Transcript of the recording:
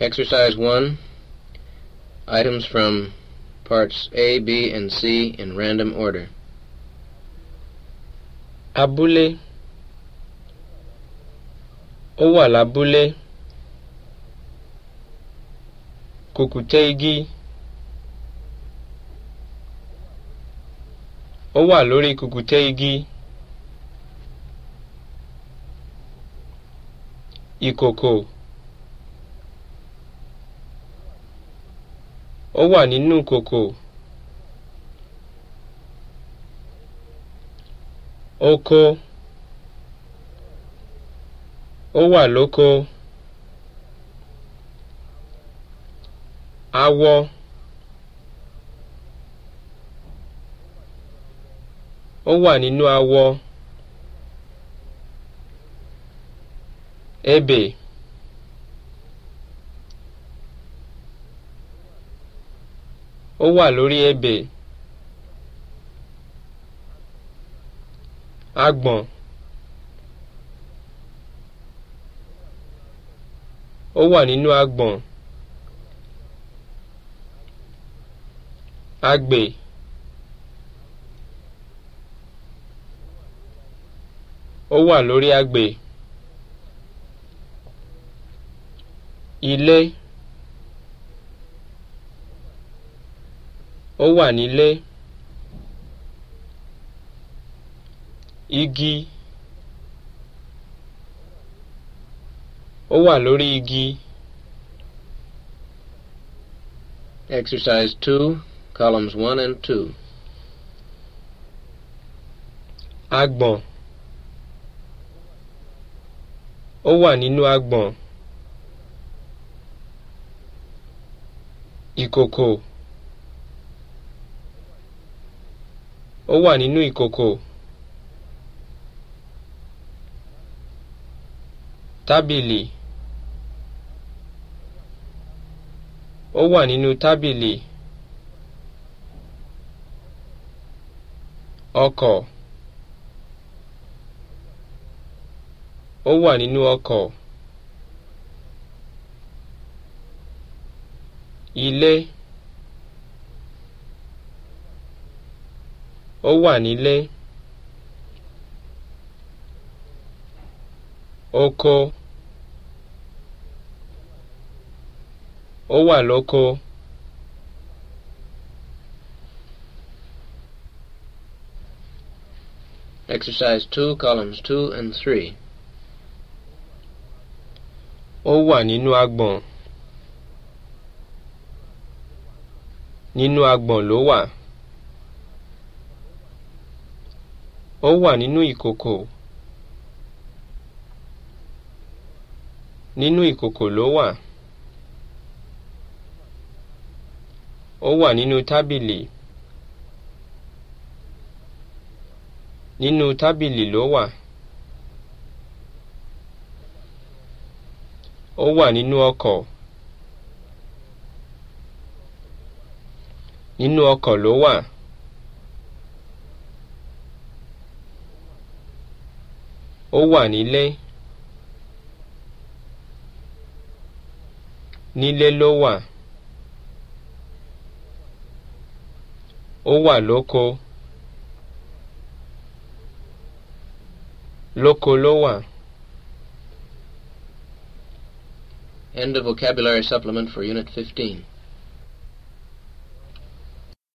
Exercise 1 Items from parts A, B, and C in random order. Abule, Ó wà lábúlé. Kùkùté igi. Ó wà ó wà nínú kòkò oko ó wà lóko awọ ó wà nínú awọ ebè. ó wà lórí ebè agbọn ó wà nínú agbọn agbè ó wà lórí agbè ilé. ó wà nílé igi ó wà lórí igi. Exercise 2, columns 1 and 2. Agbọ̀n. Ó wà nínú agbọ̀n. Ìkòkò. ó wà nínú ìkòkò tábìlì ó wà nínú tábìlì ó wà ó wà nílé oko ó wà lóko. Exercise two columns two and three. Ó wà nínú agbọ̀n. Nínú agbọ̀n ló wà. Ó wà nínú ìkòkò. Nínú ìkòkò ló wà. Ó wà nínú tábìlì. Nínú tábìlì ló wà. Ó wà nínú ọkọ̀. Nínú ọkọ ló wà. ó wà nílé nílé ló wà ó wà lóko lóko ló wà. End of vocabulary supplement for Unit 15.